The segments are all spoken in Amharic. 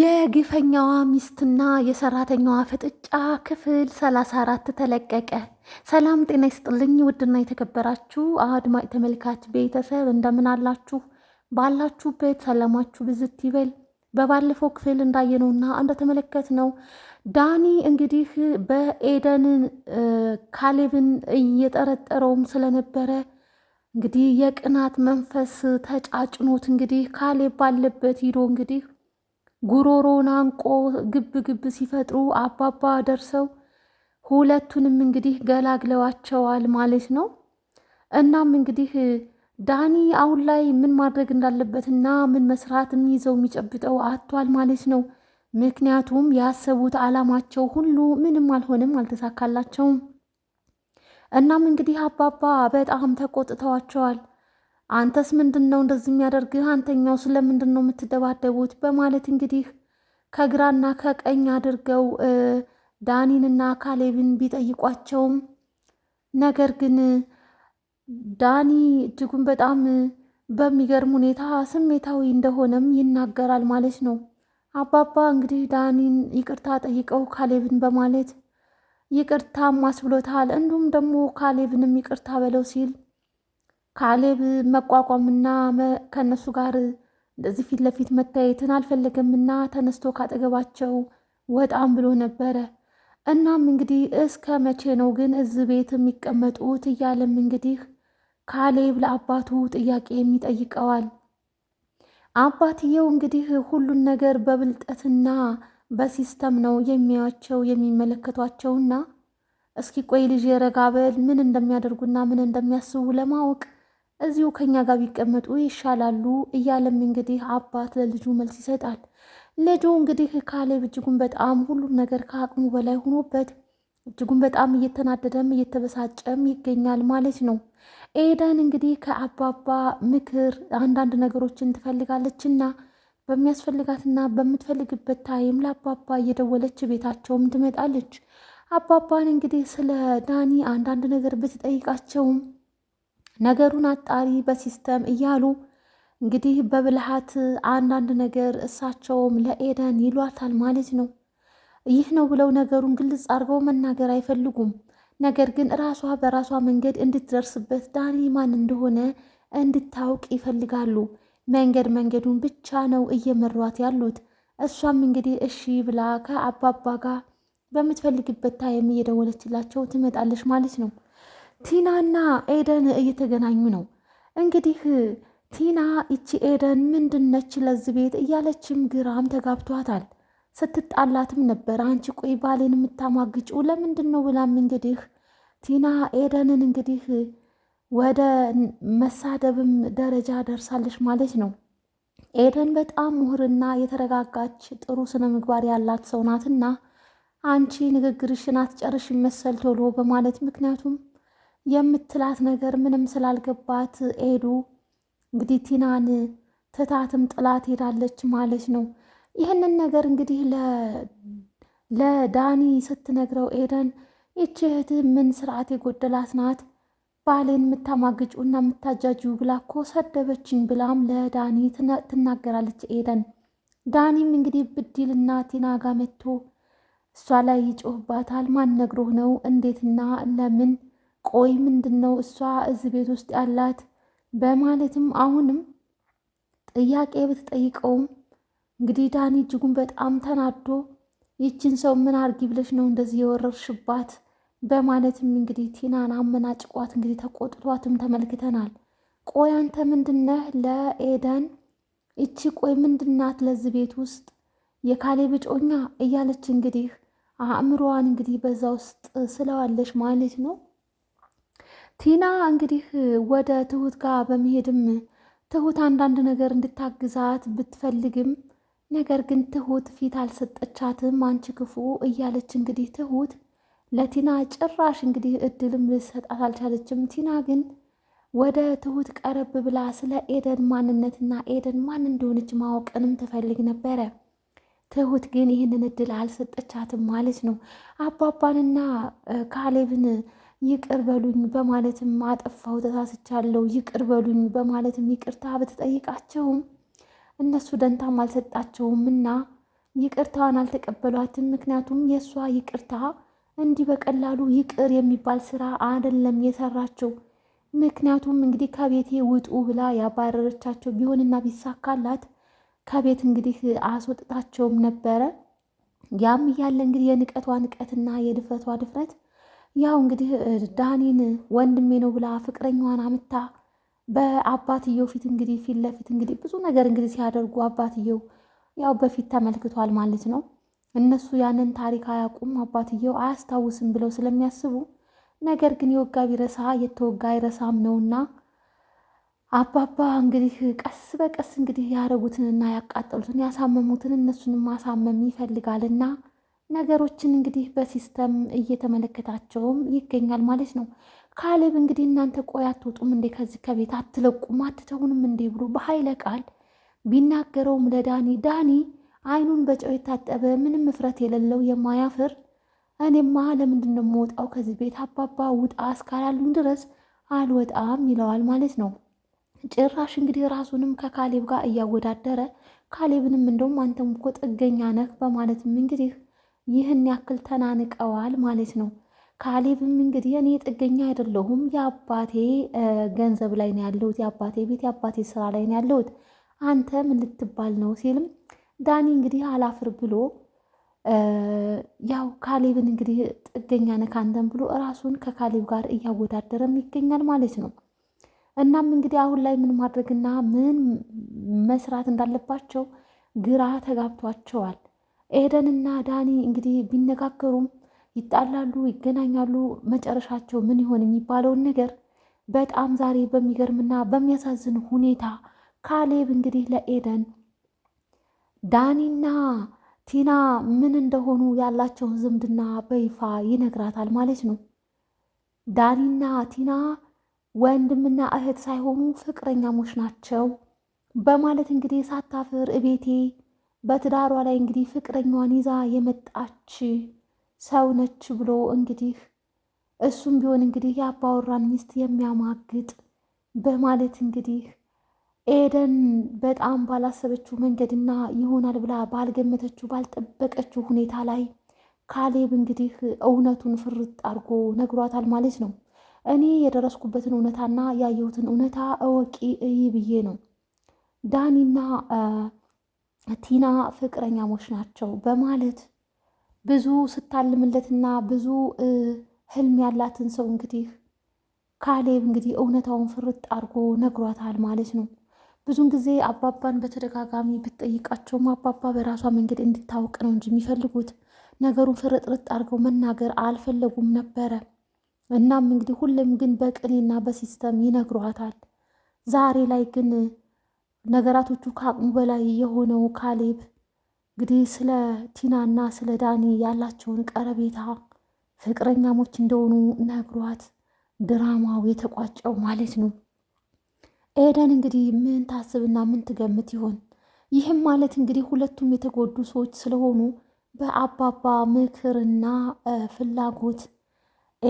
የግፈኛዋ ሚስትና የሰራተኛዋ ፍጥጫ ክፍል 34 ተለቀቀ። ሰላም ጤና ይስጥልኝ። ውድና የተከበራችሁ አድማጭ ተመልካች ቤተሰብ እንደምን አላችሁ? ባላችሁበት ሰላማችሁ ብዝት ይበል። በባለፈው ክፍል እንዳየነውና እንደተመለከትነው ዳኒ እንግዲህ በኤደን ካሌብን እየጠረጠረውም ስለነበረ እንግዲህ የቅናት መንፈስ ተጫጭኖት እንግዲህ ካሌብ ባለበት ሂዶ እንግዲህ ጉሮሮን አንቆ ግብ ግብ ሲፈጥሩ አባባ ደርሰው ሁለቱንም እንግዲህ ገላግለዋቸዋል ማለት ነው። እናም እንግዲህ ዳኒ አሁን ላይ ምን ማድረግ እንዳለበትና ምን መስራት የሚይዘው የሚጨብጠው አቷል ማለት ነው። ምክንያቱም ያሰቡት አላማቸው ሁሉ ምንም አልሆንም፣ አልተሳካላቸውም። እናም እንግዲህ አባባ በጣም ተቆጥተዋቸዋል። አንተስ ምንድን ነው እንደዚህ የሚያደርግህ? አንተኛው ስለምንድን ነው የምትደባደቡት? በማለት እንግዲህ ከግራና ከቀኝ አድርገው ዳኒንና ካሌብን ቢጠይቋቸውም ነገር ግን ዳኒ እጅጉን በጣም በሚገርም ሁኔታ ስሜታዊ እንደሆነም ይናገራል ማለት ነው። አባባ እንግዲህ ዳኒን ይቅርታ ጠይቀው ካሌብን በማለት ይቅርታም አስብሎታል። እንዲሁም ደግሞ ካሌብንም ይቅርታ በለው ሲል ካሌብ መቋቋምና ከእነሱ ጋር እንደዚህ ፊት ለፊት መታየትን አልፈለገምና ተነስቶ ካጠገባቸው ወጣም ብሎ ነበረ። እናም እንግዲህ እስከ መቼ ነው ግን እዚህ ቤት የሚቀመጡት? እያለም እንግዲህ ካሌብ ለአባቱ ጥያቄ የሚጠይቀዋል። አባትየው እንግዲህ ሁሉን ነገር በብልጠትና በሲስተም ነው የሚያቸው የሚመለከቷቸውና እስኪ ቆይ ልጅ የረጋበል ምን እንደሚያደርጉና ምን እንደሚያስቡ ለማወቅ እዚሁ ከኛ ጋር ቢቀመጡ ይሻላሉ እያለም እንግዲህ አባት ለልጁ መልስ ይሰጣል። ልጁ እንግዲህ ካሌብ እጅጉን በጣም ሁሉም ነገር ከአቅሙ በላይ ሆኖበት እጅጉን በጣም እየተናደደም እየተበሳጨም ይገኛል ማለት ነው። ኤደን እንግዲህ ከአባባ ምክር አንዳንድ ነገሮችን ትፈልጋለች እና በሚያስፈልጋትና በምትፈልግበት ታይም ለአባባ እየደወለች ቤታቸውም ትመጣለች። አባባን እንግዲህ ስለ ዳኒ አንዳንድ ነገር ብትጠይቃቸውም ነገሩን አጣሪ በሲስተም እያሉ እንግዲህ በብልሃት አንዳንድ ነገር እሳቸውም ለኤደን ይሏታል ማለት ነው። ይህ ነው ብለው ነገሩን ግልጽ አድርገው መናገር አይፈልጉም። ነገር ግን ራሷ በራሷ መንገድ እንድትደርስበት ዳኒ ማን እንደሆነ እንድታውቅ ይፈልጋሉ። መንገድ መንገዱን ብቻ ነው እየመሯት ያሉት። እሷም እንግዲህ እሺ ብላ ከአባባ ጋር በምትፈልግበት ታይም እየደወለችላቸው ትመጣለች ማለት ነው። ቲናና ኤደን እየተገናኙ ነው። እንግዲህ ቲና ይቺ ኤደን ምንድነች ለዚህ ቤት እያለችም ግራም ተጋብቷታል። ስትጣላትም ነበር። አንቺ ቆይ ባሌን የምታማግጭው ለምንድን ነው ብላም እንግዲህ ቲና ኤደንን እንግዲህ ወደ መሳደብም ደረጃ ደርሳለች ማለት ነው። ኤደን በጣም ምሁርና የተረጋጋች ጥሩ ስነ ምግባር ያላት ሰው ናትና አንቺ ንግግርሽን አትጨርሽ መሰል ቶሎ በማለት ምክንያቱም የምትላት ነገር ምንም ስላልገባት ኤዱ እንግዲህ ቲናን ትታትም ጥላት ሄዳለች ማለት ነው። ይህንን ነገር እንግዲህ ለዳኒ ስትነግረው ኤደን ይቺ እህት ምን ስርዓት የጎደላት ናት ባሌን የምታማግጩ እና የምታጃጁ ብላ እኮ ሰደበችኝ ብላም ለዳኒ ትናገራለች ኤደን። ዳኒም እንግዲህ ብድልና ቲና ጋር መጥቶ እሷ ላይ ይጮህባታል። ማን ነግሮህ ነው? እንዴትና ለምን ቆይ ምንድን ነው እሷ እዚህ ቤት ውስጥ ያላት? በማለትም አሁንም ጥያቄ ብትጠይቀውም እንግዲህ ዳኒ እጅጉን በጣም ተናዶ ይችን ሰው ምን አርጊ ብለሽ ነው እንደዚህ የወረርሽባት? በማለትም እንግዲህ ቲናን አመናጭቋት እንግዲህ ተቆጥቷትም ተመልክተናል። ቆይ አንተ ምንድነህ ለኤደን እቺ ቆይ ምንድናት ለዚህ ቤት ውስጥ የካሌብ ጮኛ እያለች እንግዲህ አእምሮዋን እንግዲህ በዛ ውስጥ ስለዋለች ማለት ነው። ቲና እንግዲህ ወደ ትሁት ጋር በመሄድም ትሁት አንዳንድ ነገር እንድታግዛት ብትፈልግም ነገር ግን ትሁት ፊት አልሰጠቻትም። አንቺ ክፉ እያለች እንግዲህ ትሁት ለቲና ጭራሽ እንግዲህ እድልም ልሰጣት አልቻለችም። ቲና ግን ወደ ትሁት ቀረብ ብላ ስለ ኤደን ማንነትና ኤደን ማን እንደሆነች ማወቅንም ትፈልግ ነበረ። ትሁት ግን ይህንን እድል አልሰጠቻትም ማለት ነው። አባባንና ካሌብን ይቅር በሉኝ በማለትም አጠፋው ተሳስቻለሁ፣ ይቅር በሉኝ በማለትም ይቅርታ በተጠይቃቸውም እነሱ ደንታም አልሰጣቸውም እና ይቅርታዋን አልተቀበሏትም። ምክንያቱም የእሷ ይቅርታ እንዲህ በቀላሉ ይቅር የሚባል ስራ አይደለም የሰራቸው። ምክንያቱም እንግዲህ ከቤቴ ውጡ ብላ ያባረረቻቸው ቢሆንና ቢሳካላት ከቤት እንግዲህ አስወጥታቸውም ነበረ። ያም እያለ እንግዲህ የንቀቷ ንቀትና የድፍረቷ ድፍረት ያው እንግዲህ ዳኒን ወንድሜ ነው ብላ ፍቅረኛዋን አምታ በአባትየው ፊት እንግዲህ ፊት ለፊት እንግዲህ ብዙ ነገር እንግዲህ ሲያደርጉ አባትየው ያው በፊት ተመልክቷል ማለት ነው። እነሱ ያንን ታሪክ አያውቁም፣ አባትየው አያስታውስም ብለው ስለሚያስቡ ነገር ግን የወጋ ቢረሳ የተወጋ አይረሳም ነውና አባባ እንግዲህ ቀስ በቀስ እንግዲህ ያደረጉትንና ያቃጠሉትን ያሳመሙትን እነሱንም ማሳመም ይፈልጋልና ነገሮችን እንግዲህ በሲስተም እየተመለከታቸውም ይገኛል ማለት ነው። ካሌብ እንግዲህ እናንተ ቆይ አትወጡም እንዴ ከዚህ ከቤት አትለቁም አትተውንም እንዴ ብሎ በኃይለ ቃል ቢናገረውም ለዳኒ ዳኒ አይኑን በጨው የታጠበ ምንም እፍረት የሌለው የማያፍር እኔማ ለምንድን ነው የምወጣው ከዚህ ቤት አባባ ውጣ እስካላሉን ድረስ አልወጣም ይለዋል ማለት ነው። ጭራሽ እንግዲህ ራሱንም ከካሌብ ጋር እያወዳደረ ካሌብንም እንደውም አንተም እኮ ጥገኛ ነህ በማለትም እንግዲህ ይህን ያክል ተናንቀዋል ማለት ነው። ካሌብም እንግዲህ እኔ ጥገኛ አይደለሁም የአባቴ ገንዘብ ላይ ነው ያለሁት፣ የአባቴ ቤት የአባቴ ስራ ላይ ነው ያለሁት፣ አንተ ምን ልትባል ነው ሲልም ዳኒ እንግዲህ አላፍር ብሎ ያው ካሌብን እንግዲህ ጥገኛ ነህ አንተም ብሎ እራሱን ከካሌብ ጋር እያወዳደረም ይገኛል ማለት ነው። እናም እንግዲህ አሁን ላይ ምን ማድረግና ምን መስራት እንዳለባቸው ግራ ተጋብቷቸዋል። ኤደንና ዳኒ እንግዲህ ቢነጋገሩም ይጣላሉ፣ ይገናኛሉ። መጨረሻቸው ምን ይሆን የሚባለውን ነገር በጣም ዛሬ በሚገርምና በሚያሳዝን ሁኔታ ካሌብ እንግዲህ ለኤደን ዳኒና ቲና ምን እንደሆኑ ያላቸውን ዝምድና በይፋ ይነግራታል ማለት ነው። ዳኒና ቲና ወንድምና እህት ሳይሆኑ ፍቅረኛሞች ናቸው በማለት እንግዲህ ሳታፍር እቤቴ በትዳሯ ላይ እንግዲህ ፍቅረኛዋን ይዛ የመጣች ሰው ነች ብሎ እንግዲህ እሱም ቢሆን እንግዲህ የአባወራን ሚስት የሚያማግጥ በማለት እንግዲህ ኤደን በጣም ባላሰበችው መንገድና ይሆናል ብላ ባልገመተችው ባልጠበቀችው ሁኔታ ላይ ካሌብ እንግዲህ እውነቱን ፍርጥ አድርጎ ነግሯታል ማለት ነው። እኔ የደረስኩበትን እውነታና ያየሁትን እውነታ እወቂ እይ ብዬ ነው ዳኒና ቲና ፍቅረኛሞች ናቸው በማለት ብዙ ስታልምለትና ብዙ ህልም ያላትን ሰው እንግዲህ ካሌብ እንግዲህ እውነታውን ፍርጥ አድርጎ ነግሯታል ማለት ነው። ብዙን ጊዜ አባባን በተደጋጋሚ ብትጠይቃቸውም አባባ በራሷ መንገድ እንድታወቅ ነው እንጂ የሚፈልጉት ነገሩን ፍርጥርጥ አድርገው መናገር አልፈለጉም ነበረ። እናም እንግዲህ ሁሌም ግን በቅኔና በሲስተም ይነግሯታል። ዛሬ ላይ ግን ነገራቶቹ ከአቅሙ በላይ የሆነው ካሌብ እንግዲህ ስለ ቲናና ስለ ዳኒ ያላቸውን ቀረቤታ ፍቅረኛሞች እንደሆኑ ነግሯት ድራማው የተቋጨው ማለት ነው። ኤደን እንግዲህ ምን ታስብና ምን ትገምት ይሆን? ይህም ማለት እንግዲህ ሁለቱም የተጎዱ ሰዎች ስለሆኑ በአባባ ምክርና ፍላጎት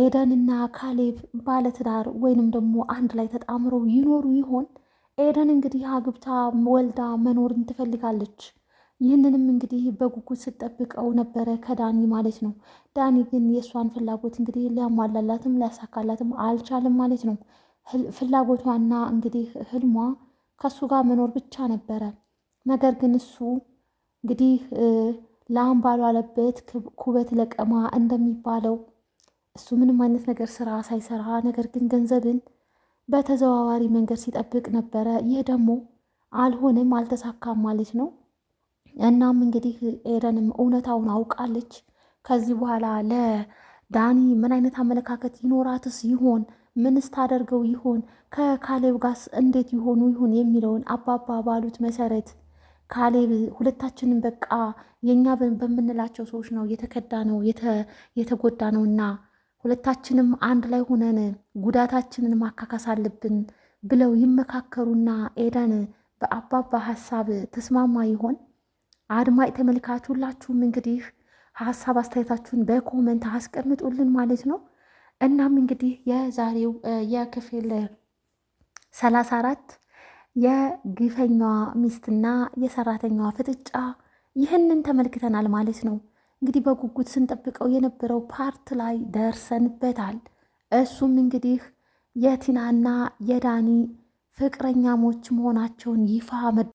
ኤደንና ካሌብ ባለትዳር ወይንም ደግሞ አንድ ላይ ተጣምረው ይኖሩ ይሆን? ኤደን እንግዲህ አግብታ ወልዳ መኖርን ትፈልጋለች። ይህንንም እንግዲህ በጉጉት ስጠብቀው ነበረ ከዳኒ ማለት ነው። ዳኒ ግን የእሷን ፍላጎት እንግዲህ ሊያሟላላትም ሊያሳካላትም አልቻልም ማለት ነው። ፍላጎቷና እንግዲህ ህልሟ ከእሱ ጋር መኖር ብቻ ነበረ። ነገር ግን እሱ እንግዲህ ላም ባሏለበት ኩበት ለቀማ እንደሚባለው እሱ ምንም አይነት ነገር ስራ ሳይሰራ ነገር ግን ገንዘብን በተዘዋዋሪ መንገድ ሲጠብቅ ነበረ። ይህ ደግሞ አልሆንም አልተሳካም ማለት ነው። እናም እንግዲህ ኤደንም እውነታውን አውቃለች። ከዚህ በኋላ ለዳኒ ምን አይነት አመለካከት ይኖራትስ ይሆን? ምንስ ታደርገው ይሆን? ከካሌብ ጋርስ እንዴት ይሆኑ ይሆን የሚለውን አባባ ባሉት መሰረት ካሌብ ሁለታችንም በቃ የእኛ በምንላቸው ሰዎች ነው የተከዳ ነው የተጎዳ እና ሁለታችንም አንድ ላይ ሆነን ጉዳታችንን ማካካስ አለብን ብለው ይመካከሩና ኤደን በአባባ ሀሳብ ተስማማ ይሆን? አድማጭ ተመልካች ሁላችሁም እንግዲህ ሀሳብ አስተያየታችሁን በኮመንት አስቀምጡልን ማለት ነው። እናም እንግዲህ የዛሬው የክፍል ሰላሳ አራት የግፈኛዋ ሚስትና የሰራተኛዋ ፍጥጫ ይህንን ተመልክተናል ማለት ነው። እንግዲህ በጉጉት ስንጠብቀው የነበረው ፓርት ላይ ደርሰንበታል። እሱም እንግዲህ የቲናና የዳኒ ፍቅረኛሞች መሆናቸውን ይፋ